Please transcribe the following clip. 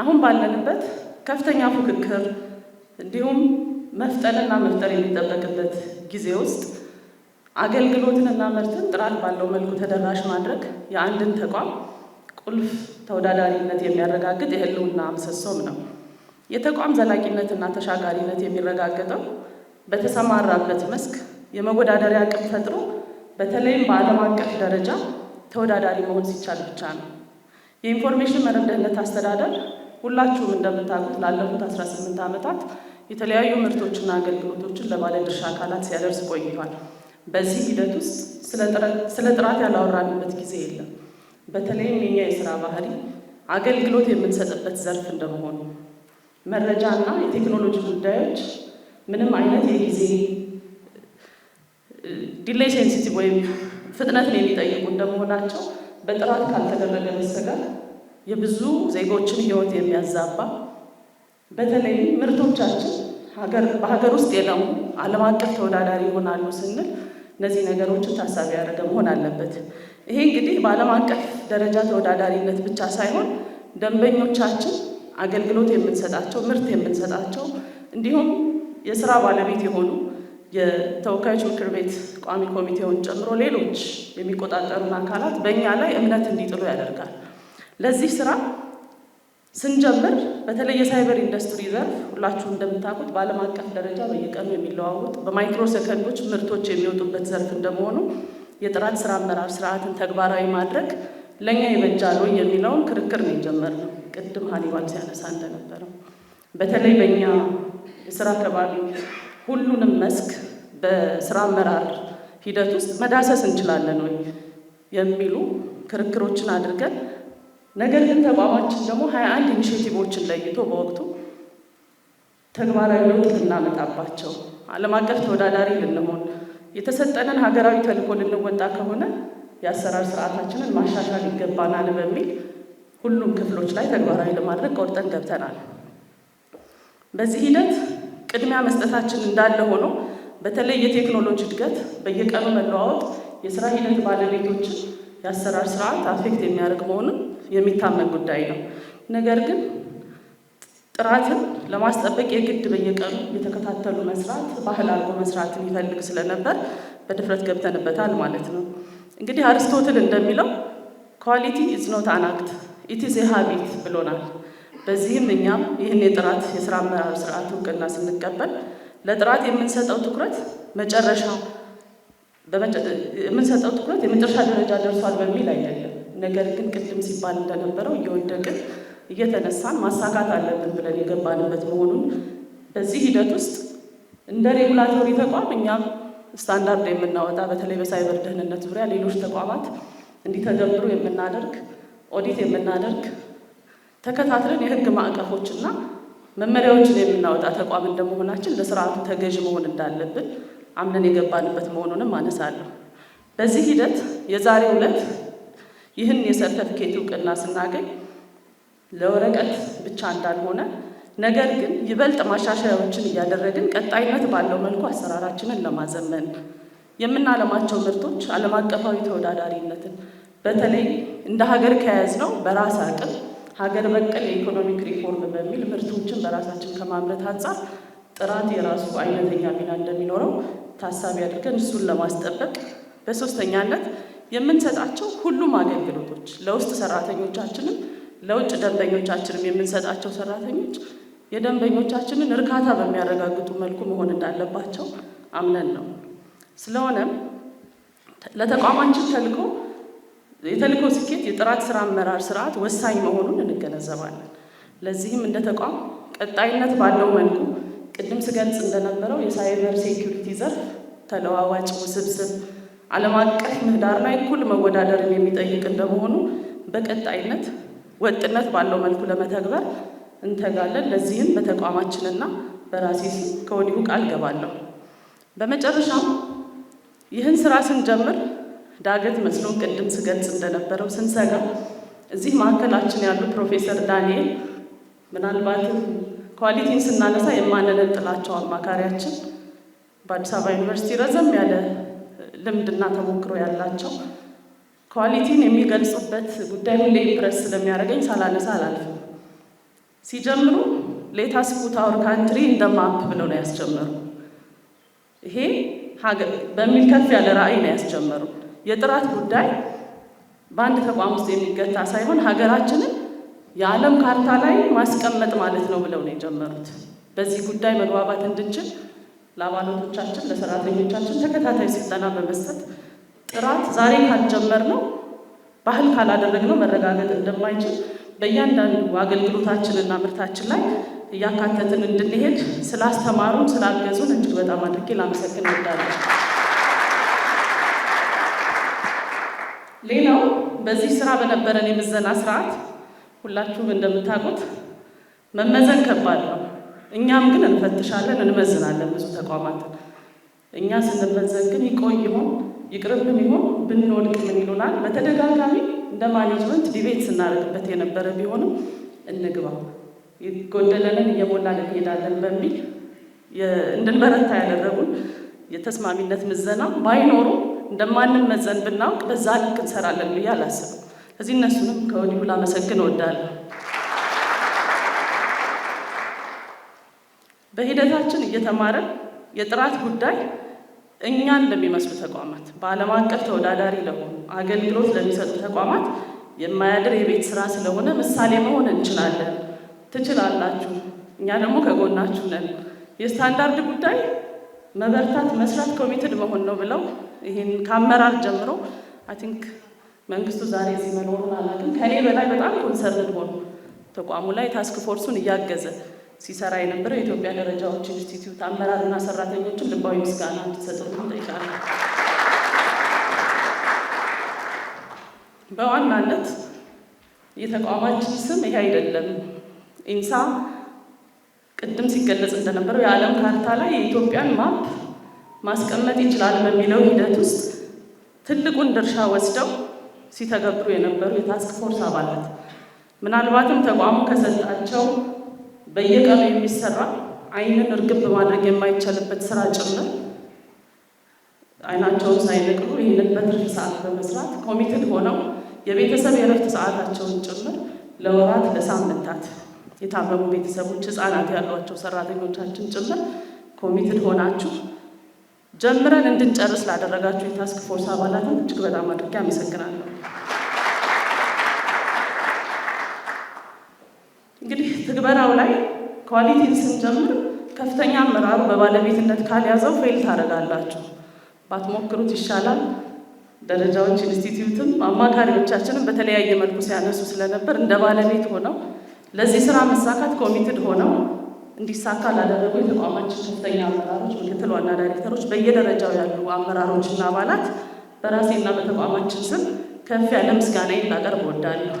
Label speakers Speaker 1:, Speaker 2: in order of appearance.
Speaker 1: አሁን ባለንበት ከፍተኛ ፉክክር እንዲሁም መፍጠንና መፍጠር የሚጠበቅበት ጊዜ ውስጥ አገልግሎትንና ምርትን ጥራት ባለው መልኩ ተደራሽ ማድረግ የአንድን ተቋም ቁልፍ ተወዳዳሪነት የሚያረጋግጥ የህልውና ምሰሶም ነው። የተቋም ዘላቂነትና ተሻጋሪነት የሚረጋገጠው በተሰማራበት መስክ የመወዳደሪያ አቅም ፈጥሮ በተለይም በዓለም አቀፍ ደረጃ ተወዳዳሪ መሆን ሲቻል ብቻ ነው። የኢንፎርሜሽን መረብ ደህንነት አስተዳደር ሁላችሁም እንደምታውቁት ላለፉት 18 ዓመታት የተለያዩ ምርቶችና አገልግሎቶችን ለባለድርሻ አካላት ሲያደርስ ቆይቷል። በዚህ ሂደት ውስጥ ስለ ጥራት ያላወራንበት ጊዜ የለም። በተለይም የኛ የስራ ባህሪ አገልግሎት የምንሰጥበት ዘርፍ እንደመሆኑ መረጃና የቴክኖሎጂ ጉዳዮች ምንም አይነት የጊዜ ዲሌይ ሴንሲቲቭ ወይም ፍጥነትን የሚጠይቁ እንደመሆናቸው በጥራት ካልተደረገ መሰጋት የብዙ ዜጎችን ህይወት የሚያዛባ በተለይ ምርቶቻችን በሀገር ውስጥ የለሙ ዓለም አቀፍ ተወዳዳሪ ይሆናሉ ስንል እነዚህ ነገሮችን ታሳቢ ያደረገ መሆን አለበት። ይሄ እንግዲህ በዓለም አቀፍ ደረጃ ተወዳዳሪነት ብቻ ሳይሆን ደንበኞቻችን አገልግሎት የምንሰጣቸው ምርት የምንሰጣቸው እንዲሁም የስራ ባለቤት የሆኑ የተወካዮች ምክር ቤት ቋሚ ኮሚቴውን ጨምሮ ሌሎች የሚቆጣጠሩን አካላት በእኛ ላይ እምነት እንዲጥሉ ያደርጋል። ለዚህ ስራ ስንጀምር በተለይ የሳይበር ኢንዱስትሪ ዘርፍ ሁላችሁ እንደምታውቁት በዓለም አቀፍ ደረጃ በየቀኑ የሚለዋወጥ በማይክሮ ሰከንዶች ምርቶች የሚወጡበት ዘርፍ እንደመሆኑ የጥራት ስራ አመራር ስርዓትን ተግባራዊ ማድረግ ለእኛ ይበጃል የሚለውን ክርክር ነው የጀመርነው። ቅድም ሀኒባል ሲያነሳ እንደነበረው በተለይ በእኛ የስራ ከባቢ ሁሉንም መስክ በስራ አመራር ሂደት ውስጥ መዳሰስ እንችላለን ወይ የሚሉ ክርክሮችን አድርገን ነገር ግን ተቋማችን ደግሞ ሀያ አንድ ኢኒሽቲቮችን ለይቶ በወቅቱ ተግባራዊ ለውጥ ልናመጣባቸው ዓለም አቀፍ ተወዳዳሪ ልንሆን የተሰጠንን ሀገራዊ ተልእኮ ልንወጣ ከሆነ የአሰራር ስርዓታችንን ማሻሻል ይገባናል በሚል ሁሉም ክፍሎች ላይ ተግባራዊ ለማድረግ ቆርጠን ገብተናል። በዚህ ሂደት ቅድሚያ መስጠታችን እንዳለ ሆኖ በተለይ የቴክኖሎጂ እድገት፣ በየቀኑ መለዋወጥ የስራ ሂደት ባለቤቶችን የአሰራር ስርዓት አፌክት የሚያደርግ መሆኑን የሚታመን ጉዳይ ነው። ነገር ግን ጥራትን ለማስጠበቅ የግድ በየቀኑ የተከታተሉ መስራት ባህል አልጎ መስራት የሚፈልግ ስለነበር በድፍረት ገብተንበታል ማለት ነው። እንግዲህ አርስቶትል እንደሚለው ኳሊቲ ኢዝ ኖት አን አክት ኢት ኢዝ ኤ ሀቢት ብሎናል። በዚህም እኛም ይህን የጥራት የስራ አመራር ስርዓት እውቅና ስንቀበል ለጥራት የምንሰጠው ትኩረት መጨረሻ የምንሰጠው ትኩረት የመጨረሻ ደረጃ ደርሷል በሚል አይደለም። ነገር ግን ቅድም ሲባል እንደነበረው እየወደቅን እየተነሳን ማሳካት አለብን ብለን የገባንበት መሆኑን በዚህ ሂደት ውስጥ እንደ ሬጉላቶሪ ተቋም እኛም ስታንዳርድ የምናወጣ በተለይ በሳይበር ደህንነት ዙሪያ ሌሎች ተቋማት እንዲተገብሩ የምናደርግ ኦዲት የምናደርግ ተከታትለን የህግ ማዕቀፎችና መመሪያዎችን የምናወጣ ተቋም እንደመሆናችን ለስርዓቱ ተገዥ መሆን እንዳለብን አምነን የገባንበት መሆኑንም አነሳለሁ። በዚህ ሂደት የዛሬ ዕለት ይህን የሰርተፍኬት እውቅና ስናገኝ ለወረቀት ብቻ እንዳልሆነ ነገር ግን ይበልጥ ማሻሻያዎችን እያደረግን ቀጣይነት ባለው መልኩ አሰራራችንን ለማዘመን የምናለማቸው ምርቶች ዓለም አቀፋዊ ተወዳዳሪነትን በተለይ እንደ ሀገር ከያዝ ነው በራስ አቅም ሀገር በቀል የኢኮኖሚክ ሪፎርም በሚል ምርቶችን በራሳችን ከማምረት አንጻር ጥራት የራሱ አይነተኛ ሚና እንደሚኖረው ታሳቢ አድርገን እሱን ለማስጠበቅ በሶስተኛነት የምንሰጣቸው ሁሉም አገልግሎቶች ለውስጥ ሰራተኞቻችንም ለውጭ ደንበኞቻችንም የምንሰጣቸው ሰራተኞች የደንበኞቻችንን እርካታ በሚያረጋግጡ መልኩ መሆን እንዳለባቸው አምነን ነው። ስለሆነም ለተቋማችን ተልእኮ የተልእኮ ስኬት የጥራት ስራ አመራር ስርዓት ወሳኝ መሆኑን እንገነዘባለን። ለዚህም እንደ ተቋም ቀጣይነት ባለው መልኩ ቅድም ስገልጽ እንደነበረው የሳይበር ሴኪሪቲ ዘርፍ ተለዋዋጭ፣ ውስብስብ ዓለም አቀፍ ምህዳር ላይ እኩል መወዳደርን የሚጠይቅ እንደመሆኑ በቀጣይነት ወጥነት ባለው መልኩ ለመተግበር እንተጋለን። ለዚህም በተቋማችንና በራሴ ስም ከወዲሁ ቃል ገባለሁ። በመጨረሻም ይህን ስራ ስንጀምር ዳገት መስሎን ቅድም ስገልጽ እንደነበረው ስንሰጋ እዚህ ማዕከላችን ያሉ ፕሮፌሰር ዳንኤል ምናልባትም ኳሊቲን ስናነሳ የማንነጥላቸው አማካሪያችን በአዲስ አበባ ዩኒቨርሲቲ ረዘም ያለ ልምድና ተሞክሮ ያላቸው ኳሊቲን የሚገልጹበት ጉዳይ ሁሌ ኢምፕረስ ስለሚያደርገኝ ሳላነሳ አላልፍም። ሲጀምሩ ሌታስ ፑት አወር ካንትሪ እንደ ማፕ ብለው ነው ያስጀመሩ። ይሄ በሚል ከፍ ያለ ራዕይ ነው ያስጀመሩ። የጥራት ጉዳይ በአንድ ተቋም ውስጥ የሚገታ ሳይሆን ሀገራችንን የዓለም ካርታ ላይ ማስቀመጥ ማለት ነው ብለው ነው የጀመሩት። በዚህ ጉዳይ መግባባት እንድንችል ለአባላቶቻችን ለሰራተኞቻችን ተከታታይ ስልጠና በመስጠት ጥራት ዛሬ ካልጀመር ነው ባህል ካላደረግነው መረጋገጥ እንደማይችል በእያንዳንዱ አገልግሎታችንና ምርታችን ላይ እያካተትን እንድንሄድ ስላስተማሩን ስላገዙን እጅግ በጣም አድርጌ ላመሰግን እወዳለሁ። ሌላው በዚህ ስራ በነበረን የምዘና ስርዓት ሁላችሁም እንደምታውቁት መመዘን ከባድ ነው። እኛም ግን እንፈትሻለን፣ እንመዝናለን ብዙ ተቋማትን። እኛ ስንመዘን ግን ይቆይ ይሆን ይቅርብን ይሆን ብንወድቅ ምን ይሉናል? በተደጋጋሚ እንደ ማኔጅመንት ዲቤት ስናደርግበት የነበረ ቢሆንም እንግባ ጎደለንን እየሞላን እንሄዳለን በሚል እንድንበረታ ያደረጉን የተስማሚነት ምዘና ባይኖሩ እንደማንመዘን ብናውቅ በዛ ልክ እንሰራለን ብዬ አላስብም። እዚህ እነሱንም ከወዲሁ ላመሰግን እወዳለሁ። በሂደታችን እየተማረን የጥራት ጉዳይ እኛን ለሚመስሉ ተቋማት በዓለም አቀፍ ተወዳዳሪ ለሆኑ አገልግሎት ለሚሰጡ ተቋማት የማያድር የቤት ስራ ስለሆነ ምሳሌ መሆን እንችላለን። ትችላላችሁ፣ እኛ ደግሞ ከጎናችሁ ነን። የስታንዳርድ ጉዳይ መበርታት፣ መስራት፣ ኮሚትድ መሆን ነው ብለው ይህን ከአመራር ጀምሮ አይ ቲንክ መንግስቱ ዛሬ እዚህ መኖሩን አላውቅም፣ ከኔ በላይ በጣም ኮንሰርን ሆኑ ተቋሙ ላይ ታስክ ፎርሱን እያገዘ ሲሰራ የነበረው የኢትዮጵያ ደረጃዎች ኢንስቲትዩት አመራርና ሰራተኞችን ልባዊ ምስጋና እንዲሰጡልን እንጠይቃለን። በዋናነት የተቋማችን ስም ይሄ አይደለም። ኢንሳ ቅድም ሲገለጽ እንደነበረው የዓለም ካርታ ላይ የኢትዮጵያን ማፕ ማስቀመጥ ይችላል በሚለው ሂደት ውስጥ ትልቁን ድርሻ ወስደው ሲተገብሩ የነበሩ የታስክ ፎርስ አባላት ምናልባትም ተቋሙ ከሰጣቸው በየቀኑ የሚሰራ አይንን እርግብ ማድረግ የማይቻልበት ስራ ጭምር አይናቸውን ሳይነቅሉ ይህንን በትርፍ ሰዓት በመስራት ኮሚትድ ሆነው የቤተሰብ የረፍት ሰዓታቸውን ጭምር ለወራት ለሳምንታት የታመሙ ቤተሰቦች ህፃናት ያሏቸው ሰራተኞቻችን ጭምር ኮሚትድ ሆናችሁ ጀምረን እንድንጨርስ ላደረጋችሁ የታስክ ፎርስ አባላትን እጅግ በጣም አድርጌ አመሰግናለሁ። ምርመራው ላይ ኳሊቲን ስንጀምር ከፍተኛ አመራሩ በባለቤትነት ካልያዘው ፌል ታደርጋላችሁ። ባትሞክሩት ይሻላል። ደረጃዎች ኢንስቲትዩትም አማካሪዎቻችንም በተለያየ መልኩ ሲያነሱ ስለነበር እንደ ባለቤት ሆነው ለዚህ ስራ መሳካት ኮሚትድ ሆነው እንዲሳካ ላደረጉ የተቋማችን ከፍተኛ አመራሮች፣ ምክትል ዋና ዳይሬክተሮች፣ በየደረጃው ያሉ አመራሮችና አባላት በራሴና በተቋማችን ስም ከፍ ያለ ምስጋና ላቀርብ እወዳለሁ።